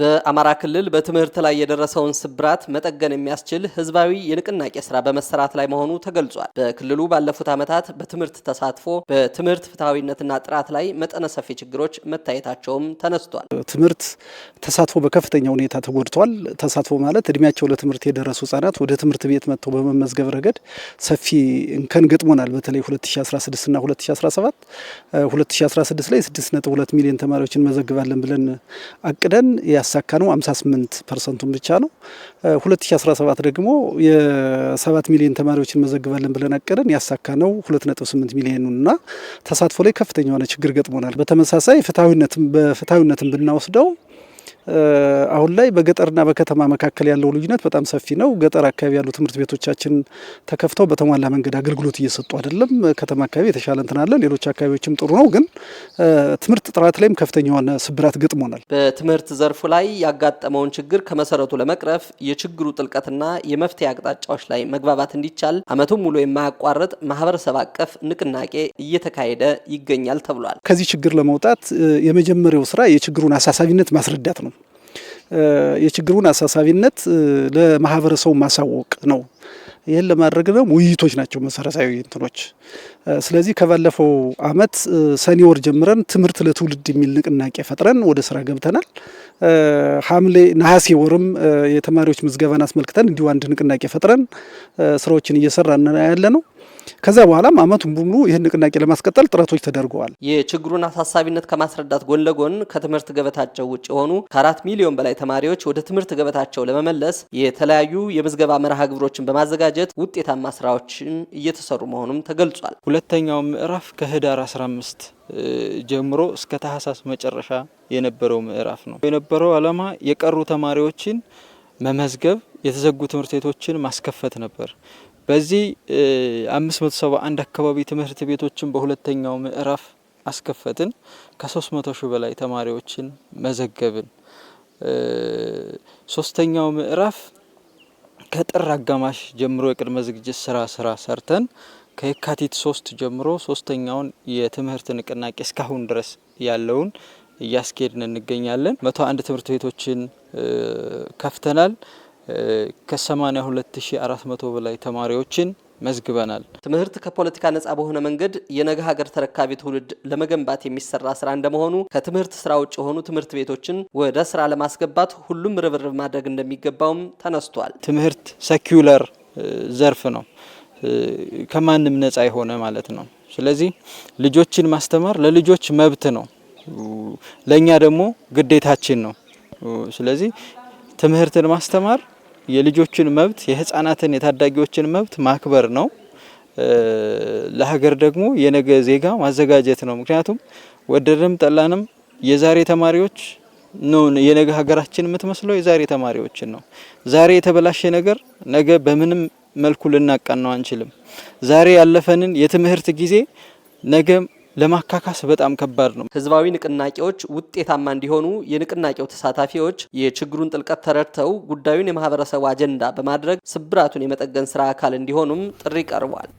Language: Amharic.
በአማራ ክልል በትምህርት ላይ የደረሰውን ስብራት መጠገን የሚያስችል ህዝባዊ የንቅናቄ ስራ በመሰራት ላይ መሆኑ ተገልጿል። በክልሉ ባለፉት ዓመታት በትምህርት ተሳትፎ፣ በትምህርት ፍትሐዊነትና ጥራት ላይ መጠነ ሰፊ ችግሮች መታየታቸውም ተነስቷል። ትምህርት ተሳትፎ በከፍተኛ ሁኔታ ተጎድቷል። ተሳትፎ ማለት እድሜያቸው ለትምህርት የደረሱ ህጻናት ወደ ትምህርት ቤት መጥተው በመመዝገብ ረገድ ሰፊ እንከን ገጥሞናል። በተለይ 2016 ና 2017 2016 ላይ 6.2 ሚሊዮን ተማሪዎች እንመዘግባለን ብለን አቅደን ያሳካ ነው 58 ፐርሰንቱን ብቻ ነው። 2017 ደግሞ የ7 ሚሊዮን ተማሪዎች መዘግባለን ብለን አቀደን ያሳካ ነው 2.8 ሚሊዮኑ እና ተሳትፎ ላይ ከፍተኛ የሆነ ችግር ገጥሞናል። በተመሳሳይ ፍትሐዊነትን ብናወስደው አሁን ላይ በገጠርና በከተማ መካከል ያለው ልዩነት በጣም ሰፊ ነው። ገጠር አካባቢ ያሉ ትምህርት ቤቶቻችን ተከፍተው በተሟላ መንገድ አገልግሎት እየሰጡ አይደለም። ከተማ አካባቢ የተሻለ እንትን አለ፣ ሌሎች አካባቢዎችም ጥሩ ነው። ግን ትምህርት ጥራት ላይም ከፍተኛ የሆነ ስብራት ገጥሞናል። በትምህርት ዘርፉ ላይ ያጋጠመውን ችግር ከመሰረቱ ለመቅረፍ የችግሩ ጥልቀትና የመፍትሄ አቅጣጫዎች ላይ መግባባት እንዲቻል ዓመቱን ሙሉ የማያቋርጥ ማህበረሰብ አቀፍ ንቅናቄ እየተካሄደ ይገኛል ተብሏል። ከዚህ ችግር ለመውጣት የመጀመሪያው ስራ የችግሩን አሳሳቢነት ማስረዳት ነው። የችግሩን አሳሳቢነት ለማህበረሰቡ ማሳወቅ ነው። ይህን ለማድረግ ደግሞ ውይይቶች ናቸው መሰረታዊ እንትኖች። ስለዚህ ከባለፈው አመት ሰኔ ወር ጀምረን ትምህርት ለትውልድ የሚል ንቅናቄ ፈጥረን ወደ ስራ ገብተናል። ሐምሌ ነሐሴ ወርም የተማሪዎች ምዝገባን አስመልክተን እንዲሁ አንድ ንቅናቄ ፈጥረን ስራዎችን እየሰራ ያለ ነው። ከዛ በኋላም አመቱን በሙሉ ይህን ንቅናቄ ለማስቀጠል ጥረቶች ተደርገዋል። የችግሩን አሳሳቢነት ከማስረዳት ጎን ለጎን ከትምህርት ገበታቸው ውጭ የሆኑ ከአራት ሚሊዮን በላይ ተማሪዎች ወደ ትምህርት ገበታቸው ለመመለስ የተለያዩ የምዝገባ መርሃ ግብሮችን በማዘጋጀት ውጤታማ ስራዎችን እየተሰሩ መሆኑም ተገልጿል። ሁለተኛው ምዕራፍ ከህዳር 15 ጀምሮ እስከ ታህሳስ መጨረሻ የነበረው ምዕራፍ ነው። የነበረው ዓላማ የቀሩ ተማሪዎችን መመዝገብ የተዘጉ ትምህርት ቤቶችን ማስከፈት ነበር። በዚህ 571 አካባቢ ትምህርት ቤቶችን በሁለተኛው ምዕራፍ አስከፈትን። ከ300 ሺህ በላይ ተማሪዎችን መዘገብን። ሶስተኛው ምዕራፍ ከጥር አጋማሽ ጀምሮ የቅድመ ዝግጅት ስራ ስራ ሰርተን ከየካቲት ሶስት ጀምሮ ሶስተኛውን የትምህርት ንቅናቄ እስካሁን ድረስ ያለውን እያስኬድን እንገኛለን። መቶ አንድ ትምህርት ቤቶችን ከፍተናል። ከ82400 በላይ ተማሪዎችን መዝግበናል። ትምህርት ከፖለቲካ ነጻ በሆነ መንገድ የነገ ሀገር ተረካቢ ትውልድ ለመገንባት የሚሰራ ስራ እንደመሆኑ ከትምህርት ስራ ውጭ የሆኑ ትምህርት ቤቶችን ወደ ስራ ለማስገባት ሁሉም ርብርብ ማድረግ እንደሚገባውም ተነስቷል። ትምህርት ሰኪውለር ዘርፍ ነው፣ ከማንም ነጻ የሆነ ማለት ነው። ስለዚህ ልጆችን ማስተማር ለልጆች መብት ነው፣ ለእኛ ደግሞ ግዴታችን ነው። ስለዚህ ትምህርትን ማስተማር የልጆችን መብት የህፃናትን የታዳጊዎችን መብት ማክበር ነው። ለሀገር ደግሞ የነገ ዜጋ ማዘጋጀት ነው። ምክንያቱም ወደደም ጠላንም የዛሬ ተማሪዎች ነው የነገ ሀገራችን የምትመስለው የዛሬ ተማሪዎችን ነው። ዛሬ የተበላሸ ነገር ነገ በምንም መልኩ ልናቃነው አንችልም። ዛሬ ያለፈንን የትምህርት ጊዜ ነገ ለማካካስ በጣም ከባድ ነው። ህዝባዊ ንቅናቄዎች ውጤታማ እንዲሆኑ የንቅናቄው ተሳታፊዎች የችግሩን ጥልቀት ተረድተው ጉዳዩን የማህበረሰቡ አጀንዳ በማድረግ ስብራቱን የመጠገን ስራ አካል እንዲሆኑም ጥሪ ቀርቧል።